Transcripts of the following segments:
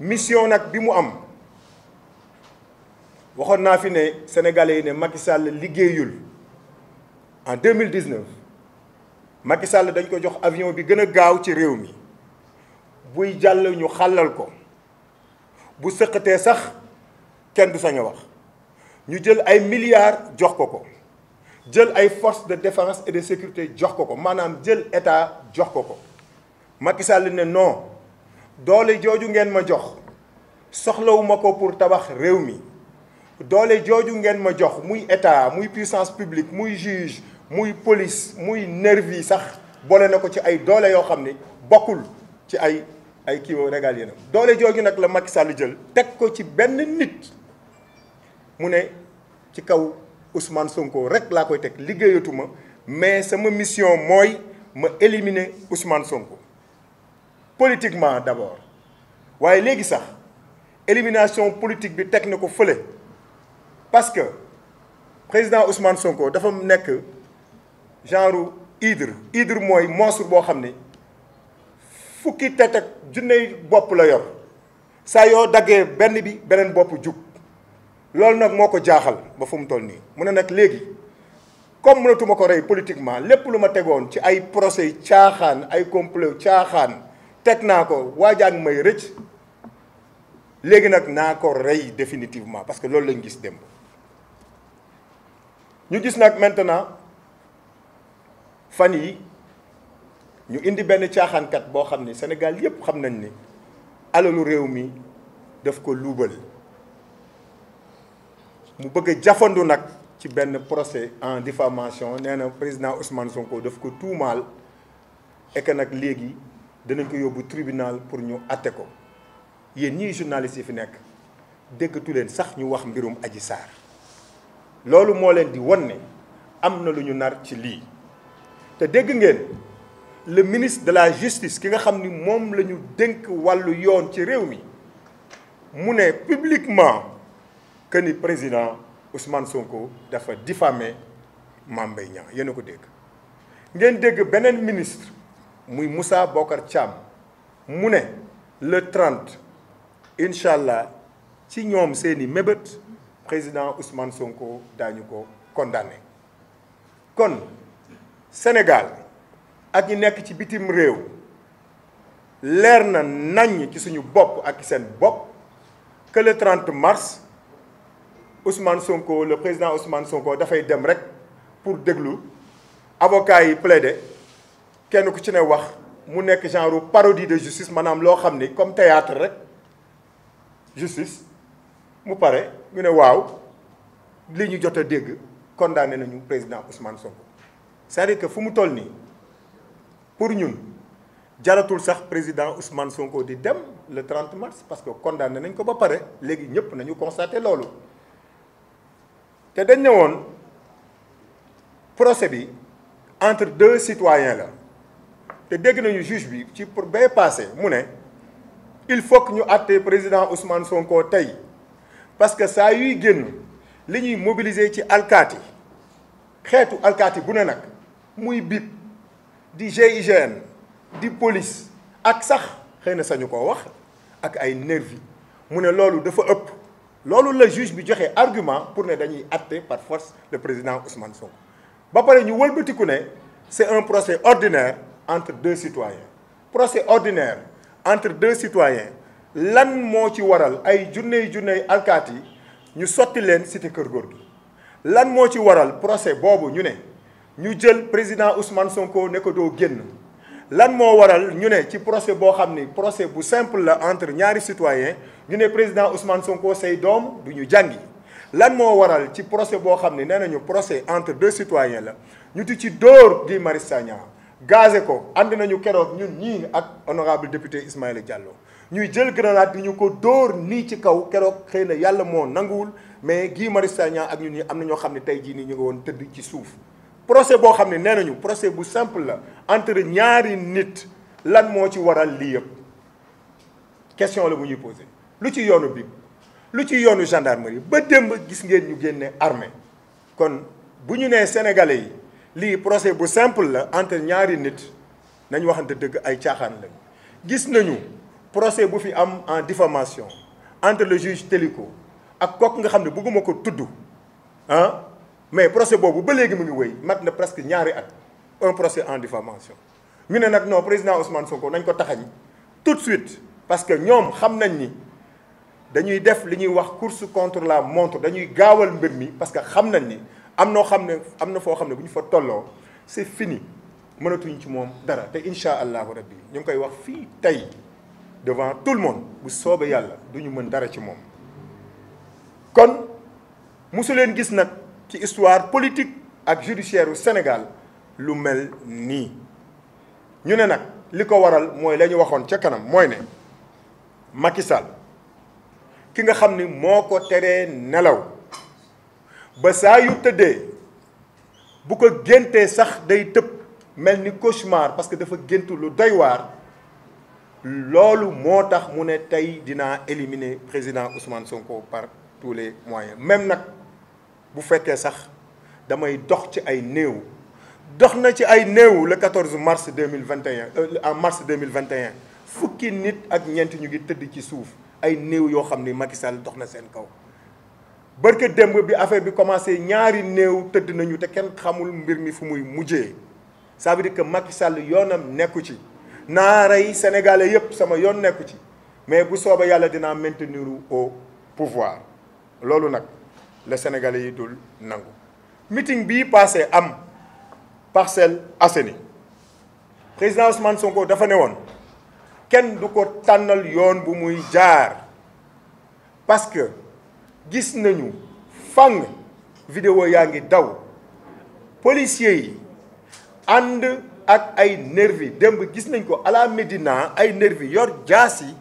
mission nag bi mu am waxoon naa fi ne sénégalais yi ne Macky Sall liggéeyul en 2019 Macky Sall dañ ko jox avion bi gën a gaaw ci réew mi buy jàll ñu xàllal ko bu sëqatee sax kenn du sañ wax ñu jël ay milliards jox ko ko jël ay forces de défense et de sécurité jox ko ko maanaam jël état jox ko ko Macky ne non. doole jooju ngeen ma jox soxlawuma ko pour tabax réew mi doole jooju ngeen ma jox muy état muy puissance publique muy juge muy police muy nervi sax boole na ko ci ay doole yoo xam ni bokkul ci ay ay kii regal régalien doole jooju nag la Macky Sall jël teg ko ci benn nit mu ne ci kaw Ousmane Sonko rek laa koy teg liggéeyatuma mais sama mission mooy ma éliminer Ousmane Sonko. politiquement d'abord waaye léegi sax élimination politique bi teg na ko fële parce que président Ousmane Sonko dafa nekk genre hydre hydre mooy monstre boo xam ni fukki tet teg junne bopp la yor saa yoo daggee benn bi beneen bopp jug loolu nag moo ko jaaxal ba fu mu toll nii mu ne nekk léegi comme mënatuma ko rey politiquement lépp lu ma tegoon ci ay procès caaxaan ay complot caaxaan teg naa ko waajaa ngi may rëcc léegi nag naa ko rey définitivement parce que loolu lañ gis démb ñu gis nag maintenant fan yi ñu indi benn caaxaankat boo xam ni Sénégal yépp xam nañ ni alalu réew mi daf ko luubal mu bëgg a jafandu nag ci benn procès en diffamation nee président Ousmane Sonko daf ko tuumaal et que nag léegi danañ ko yóbbu tribunal pour ñu atte ko yéen ñii journalistes yi fi nekk déggatu leen sax ñu wax mbirum aji Sarr loolu moo leen di won ne am na lu ñu nar ci lii te dégg ngeen le ministre de la justice ki nga xam ni moom la ñu dénk wàllu yoon ci réew mi mu ne publiquement que ni président Ousmane Sonko dafa diffamé Mame Mbaye Niang yéen a ko dégg ngeen dégg beneen ministre muy Moussa Bokar Thiam mu ne le 30 incha allah ci ñoom seeni mébét président Ousmane Sonko daañu ko condamné kon Sénégal ak ñi nekk ci bitim réew leer na naññ ci suñu bopp ak seen bopp que le 30 mars Ousmane Sonko le président Ousmane Sonko dafay dem rek pour déglu avocat yi plaider. kenn ku ci ne wax mu nekk genre parodie de justice manaam loo xam ni comme théâtre rek justice mu pare ñu ne waaw li ñu jot a dégg condamné nañu président Ousmane Sonko c'est-à-dire que fu mu toll nii pour ñun jaratul sax président Ousmane Sonko di dem le 30 mars parce que condamné nañ ko ba pare léegi ñëpp nañu constaté loolu te dañ ne woon procès bi entre deux citoyens la te dégg nañu juge bi ci pour bay passé mu ne il faut que ñu àtte président Ousmane Sonko tey parce que saa yuy génn li ñuy mobiliser ci alkaati xeetu alkaati bu ne nag muy BIP di GIGN di police ak sax xëy na sañu ko wax ak ay nervi mu ne loolu dafa ëpp loolu la juge bi joxe argument pour ne dañuy àtte par force le président Ousmane Sonko ba pare ñu wëlbatiku ne c'est un procès ordinaire entre deux citoyens procès ordinaire entre deux citoyens lan moo ci waral ay junney junney alkaat ñu sotti leen cité Kër Gorgui lan moo ci waral procès boobu ñu ne ñu jël président Ousmane Sonko ne ko doo génn lan moo waral ñu ne ci procès boo xam ni procès bu simple la entre ñaari citoyen ñu ne président Ousmane Sonko say doom du ñu jàngi lan moo waral ci procès boo xam ne nee nañu procès entre deux citoyens la ñu di ci dóor Guy Marius Sagna gazé ko ànd nañu keroog ñun ñii ak honorable député Ismaïla Diallo ñuy jël grenade ni ñu ko dóor nii ci kaw keroog xëy na yàlla moo nanguwul mais Guy Marius Sagna ak ñun ñi am na ñoo xam ne tey jii nii ñu ngi woon tëdd ci suuf procès boo xam ne nee nañu procès bu simple la entre ñaari nit lan moo ci waral lii yëpp question la bu ñuy posé lu ci yoonu bi lu ci yoonu gendarmerie ba démb gis ngeen ñu génne armée kon bu ñu nee sénégalais yi lii procès bu simple la entre ñaari nit nañ waxante dëgg ay caaxaan lañ gis nañu procès bu fi am en diffamation entre le juge Téliko ak kooku nga xam ne bëgguma ko tudd ah mais procès boobu ba léegi mu ngi wéy mat na presque ñaari at un procès en diffamation ñu ne nag noo président Ousmane Sonko nañ ko taxañ tout de suite parce que ñoom xam nañ ni dañuy def li ñuy wax course contre la montre dañuy gaawal mbir mi parce que xam nañ ni am noo xam ne am na foo xam ne bu ñu fa tolloo c'est fini mënatuñ ci moom dara te incha allahu rabbi ñu ngi koy wax fii tey devant tout le monde bu soobee yàlla du ñu mën dara ci moom. kon mosu leen gis nag ci histoire politique ak judiciaire u Sénégal lu mel nii ñu ne nag li ko waral mooy la ñu waxoon ca kanam mooy ne Macky ki nga xam ni moo ko teree nelaw. ba saa yu tëddee bu ko géntee sax day tëb mel ni cauchemar parce que dafa gént lu doy waar loolu moo tax mu ne tey dinaa éliminer président Ousmane Sonko par tous les moyens même nag bu fekkee sax damay dox ci ay néew dox na ci ay néew le 14 mars 2021 euh, en mars 2021 fukki nit ak ñeent ñu ngi tëdd ci suuf ay néew yoo xam ni Macky Sall dox na seen kaw bërka démb bi affaire bi commencé ñaari néew tëdd nañu te kenn xamul mbir mi fu muy mujjee ça veut dire que Macky Sall yoonam nekku ci naa rey sénégalais yépp sama yoon nekku ci mais bu sooba yàlla dinaa maintenir au pouvoir loolu nag la sénégalais yi dul nangu meeting bii passé am Parcelles Assainies président Ousmane Sonko dafa ne woon kenn du ko tànnal yoon bu muy jaar parce que gis nañu fang vidéo yaa ngi daw policiers yi ànd ak ay nervi démb gis nañ ko à la ay nervi yor jaas yi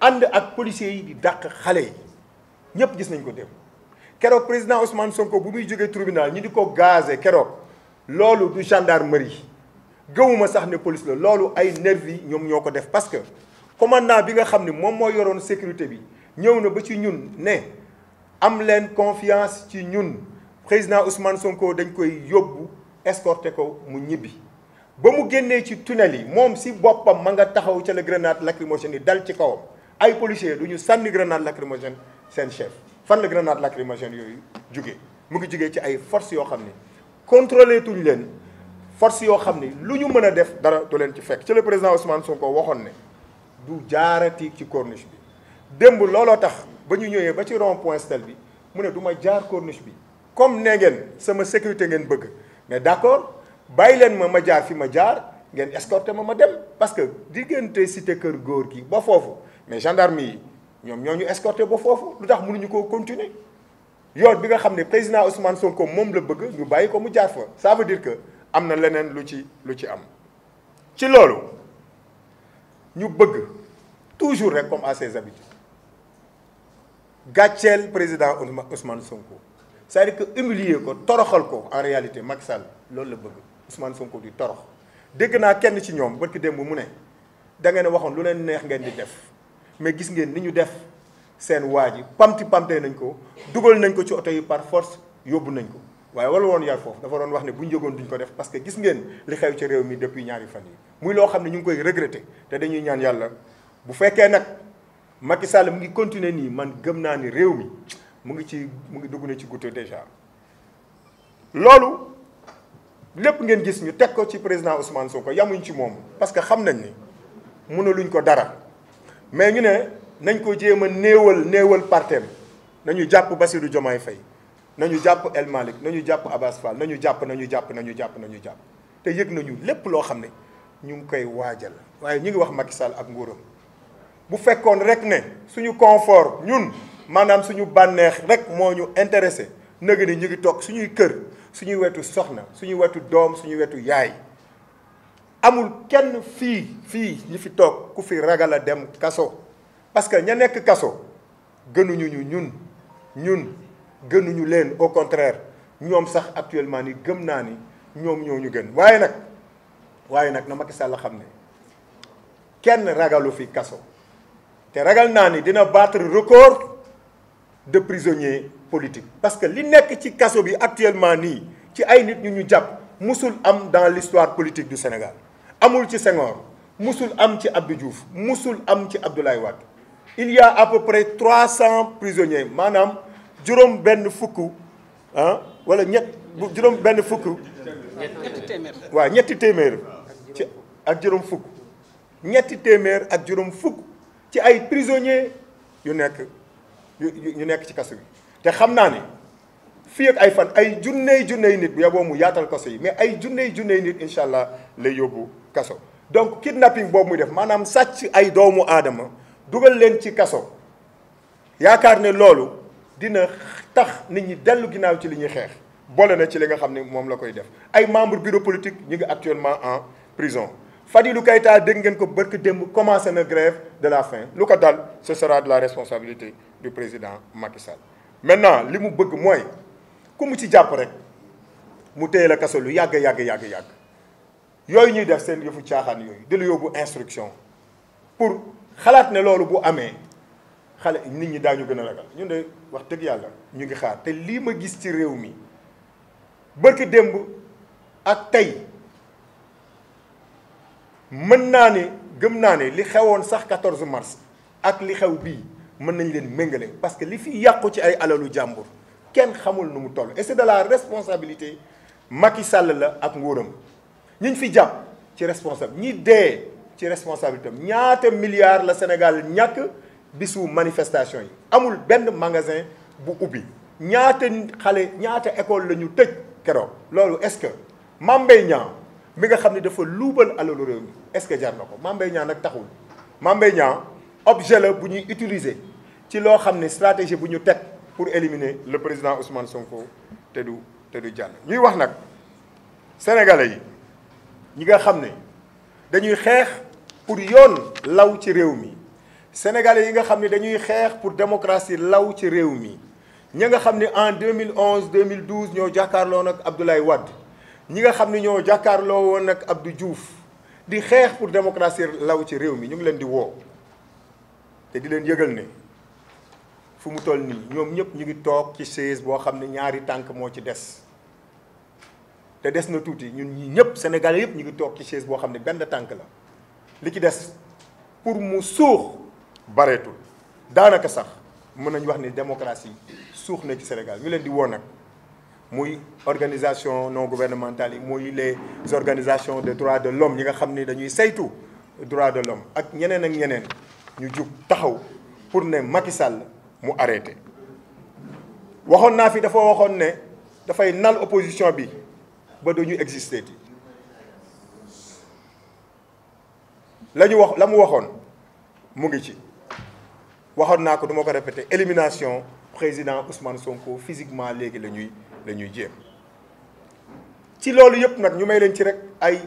ànd ak policiers yi di dàq xale yi ñépp gis nañ ko démb keroog président Ousmane Sonko bu muy jógee tribunal ñu di ko gazé keroog loolu du gendarmerie gëmuma sax ne police la loolu ay nervi ñoom ñoo ko def parce que commandant bi nga xam ne moom moo yoroon sécurité bi ñëw na ba ci ñun ne am leen confiance ci ñun président Ousmane Sonko dañ koy yóbbu escorté ko mu ñibbi ba mu génnee ci tunnel yi moom si boppam ma nga taxaw ca la grenade lacrymogène yi dal ci kawam ay policiers du ñu sànni grenade lacrymogène seen chef fan la grenade lacrymogène yooyu jugee mu ngi jugee ci ay forces yoo xam ni contrôlé leen force yoo xam ni lu ñu mën a def dara du leen ci fekk ci le président Ousmane Sonko waxoon ne du jaarati ci corniche bi démb looloo tax. ba ñu ñëwee ba ci ron point stel bi mu ne du ma jaar corniche bi comme nee ngeen sama sécurité ngeen bëgg mais d'accord bàyyi leen ma ma jaar fi ma jaar ngeen escorté ma ma dem parce que diggante cité kër góor gi ba foofu mais gendarme yi ñoom ñoo ñu escorté ba foofu lu tax mënuñu koo continuer yoon bi nga xam ne président Ousmane comme moom la bëgg ñu bàyyi ko mu jaar fa ça dire que am na leneen lu ci lu ci am ci loolu ñu bëgg toujours rek comme à ses habitudes gàcceel président Ousmane Sonko c'est-à-dire que humilier ko toroxal ko en réalité Macky Sall loolu la bëgg Ousmane Sonko di torox dégg naa kenn ci ñoom ki démb mu ne da ngeen waxoon lu leen neex ngeen di def mais gis ngeen ni ñu def seen waa ji pamti pamtee nañ ko dugal nañ ko ci oto yi par force yóbbu nañ ko waaye wala woon yar foofu dafa doon wax ne bu ñu yëgoon duñ ko def parce que gis ngeen li xew ci réew mi depuis ñaari fan yi muy loo xam ne ñu ngi koy regretter te dañuy ñaan yàlla bu fekkee nag. Macky Sall mu ngi continuer nii man gëm naa ni réew mi mu ngi ci mu ngi dugg na ci goutte déjà loolu lépp ngeen gis ñu teg ko ci président Ousmane ko yamuñ ci moom parce que xam nañ ni luñ ko dara mais ñu ne nañ ko jéem a néewal néewal parteem nañu jàpp Bassirou Diomaye fay nañu jàpp El Malick nañu jàpp Abass Fall nañu jàpp nañu jàpp nañu jàpp nañu jàpp te yëg nañu lépp loo xam ne ñu ngi koy waajal waaye ñu ngi wax Macky Sall ak nguuram bu fekkoon rek ne suñu confort ñun maanaam suñu bànneex rek moo ñu intéressé nëg ni ñu ngi toog suñuy kër suñu wetu soxna suñu wetu doom suñu wetu yaay amul kenn fii fii ñi fi toog ku fi ragal a dem kaso parce que ña nekk kaso gënuñu ñu ñun ñun gënuñu leen au contraire ñoom sax actuellement ni gëm naa ni ñoom ñoo ñu gën waaye nag waaye nag na Macky Sall xam ne kenn ragalu fi kaso te ragal naa ni dina battre record de prisonniers politique parce que li nekk ci kaso bi actuellement nii ci ay nit ñu ñu jàpp mosul am dans l'histoire politique du Sénégal amul ci Senghor musul am ci Abdou mosul am ci Abdoulaye Wade il y à peu près trois cents prisonniers maanaam juróom benn fukk ah wala ñett juróom benn fukk waa ñetti téeméer ci ak juróom fukk ñetti téeméer ak juróom fukk ci ay prisonniers yu nekk yu nekk ci kaso bi te xam naa ni fii ay fan ay junney junney nit bu yeboo mu yaatal kaso yi mais ay junney junney nit incha allah lay yóbbu kaso donc kidnapping boobu muy def maanaam sàcc ay doomu aadama dugal leen ci kaso yaakaar ne loolu dina tax nit ñi dellu ginnaaw ci li ñuy xeex boole na ci li nga xam ne moom la koy def ay membre bureau politique ñu ngi actuellement en prison Fadilou Keïta dégg ngeen ko bërk démb commencé na grève de la faim lu ko dal ce sera de la responsabilité du président Macky Sall maintenant li mu bëgg mooy ku mu ci jàpp rek mu téye la kaso lu yàgg yàgg yàgg yàgg yooyu ñuy def seen yëfu caaxaan yooyu di la yóbbu instruction pour xalaat ne loolu bu amee xale nit ñi daañu gën a ragal wax dëgg yàlla ñu ngi xaar te lii ma gis ci réew mi bërk démb ak tey mën naa ne gëm naa ne li xewoon sax 14 mars ak li xew bii mën nañ leen méngale parce que li fi yàqu ci ay alalu jàmbur kenn xamul nu mu toll et c'est de la responsabilité Macky Sall la ak nguuram ñi ñu fi jàpp ci responsable ñi dee ci responsabilité ñaate ñaata milliards la Sénégal ñàkk su manifestation yi amul benn magasin bu ubbi ñaata xale ñaata école la ñu tëj keroog loolu est-ce que Mame Mbaye mi nga xam ne dafa luubal alalu réew mi est-ce que jar na ko Mame Mbaye nag taxul Mame Mbaye Niang objet la bu ñuy utiliser ci loo xam ne stratégie bu ñu teg pour éliminer le président Ousmane Sonko te du te du jàll ñuy wax nag sénégalais yi ñi nga xam ne dañuy xeex pour yoon law ci réew mi sénégalais yi nga xam ne dañuy xeex pour démocratie law ci réew mi ñi nga xam ni en mille mille 2012 ñoo jàkkaarloo nag Abdoulaye Wade ñi nga xam ne ñoo jàkkaarloo woon ak di juuf di xeex pour démocratie law ci réew mi ñu ngi leen di woo te di leen yëgal ne fu mu toll nii ñoom ñëpp ñu ngi toog ci chaise boo xam ne ñaari tànk moo ci des te des na tuuti ñun ñi ñëpp Sénégalais yëpp ñu ngi toog ci chaise boo xam ne benn tànk la li ci des pour mu suux bareetul daanaka sax mën nañu wax ni démocratie suux na ci Sénégal ñu leen di woo nag. muy organisation non gouvernementale yi muy les organisations de droits de l'homme yi nga xam ni dañuy saytu droits de l'homme ak ñeneen ak ñeneen ñu jug taxaw pour ne Macky Sall mu arrêté waxoon naa fi dafa waxoon ne dafay nal opposition bi ba duñu exister ti la ñu wax la mu waxoon mu ngi ci waxoon naa ko du ma ko répété élimination président Ousmane Sonko physiquement léegi la ñuy lañuy ñuy jéem ci loolu yëpp nag ñu may leen ci rek ay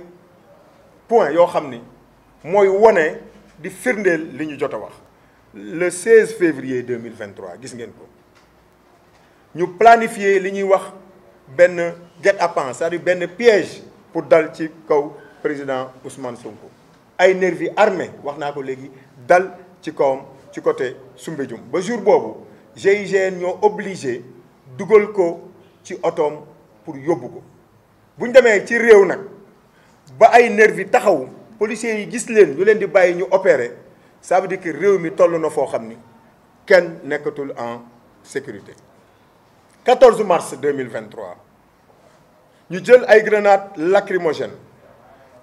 point yoo xam ni mooy wone di firndeel li ñu jot a wax le 16 février 2023 gis ngeen ko ñu planifier li ñuy wax benn guet-apens benn piège pour dal ci kaw président Ousmane Sonko ay nervi armé wax naa ko léegi dal ci kawam ci côté Soumbédioune ba jour boobu GIGN ñoo obligé dugal ko ci otoom pour yóbbu ko bu ñu demee ci réew nag ba ay nervi taxaw policiers yi gis leen lu leen di bàyyi ñu opérer ça veut que réew mi toll na foo xam ni kenn nekkatul en sécurité 14 mars 2023 ñu jël ay grenades lacrymogènes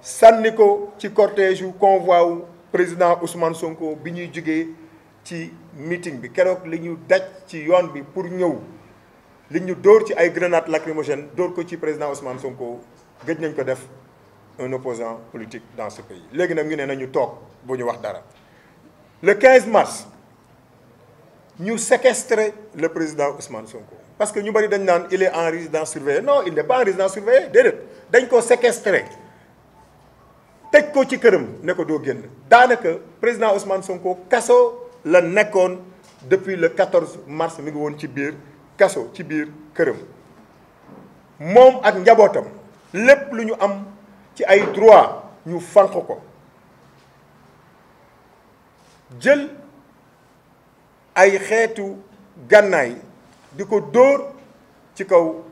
sànni ko ci cortège yu convoi wu président Ousmane Sonko bi ñuy jógee ci meeting bi keroog li ñu daj ci yoon bi pour ñëw li ñu dóor ci ay grenades lacrymogènes dóor ko ci président Ousmane Sonko gëj nañ ko def un opposant politique dans ce pays léegi nag ñu ne nañu toog bu ñu wax dara le 15 mars ñu séquestrer le président Ousmane Sonko parce que ñu bëri dañ naan il est en résidence surveillée non il n'est pas en résidence surveillée déedéet dañ ko séquestrer tëj ko ci këram ne ko doo génn daanaka président Ousmane Sonko kaso la nekkoon depuis le 14 mars mi ngi woon ci biir. kaso ci biir këram moom ak njabootam lépp lu ñu am ci ay droit ñu fànq ko jël ay xeetu gànnaay di ko dóor ci kaw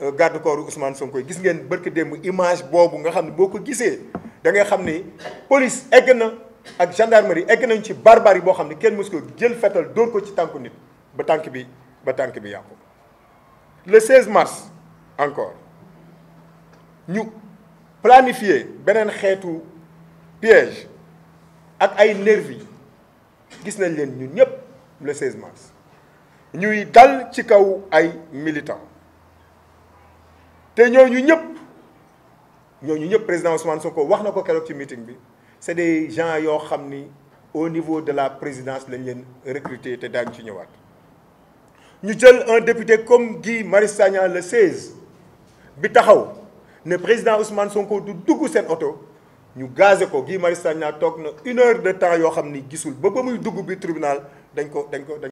euh, garde corps Ousmane koy gis ngeen barki démb image boobu nga xam ne boo ko gisee da ngay xam ni police egg na ak gendarmerie egg nañ ci barbarie boo xam ne kenn mësu jël fetal dóor ko ci tànku nit ba tànk bi ba tànk bi yàqu le 16 mars encore ñu planifier beneen xeetu piège ak ay nervi gis nañ leen ñun ñëpp le 16 mars ñuy dal ci kaw ay militants te ñooñu ñëpp ñooñu ñëpp président Ousmane ko wax na ko keroog ci meeting bi c'est des gens yoo xam ni au niveau de la présidence lañ leen recruter te daañu ci ñëwaat. ñu jël un député comme Guy Marius Sagna le 16 bi taxaw ne président Ousmane Sonko du dugg seen oto ñu gazé ko Guy Marius Sagna toog na une heure de temps yoo xam ni gisul ba ba muy dugg bi tribunal dañ ko dañ ko.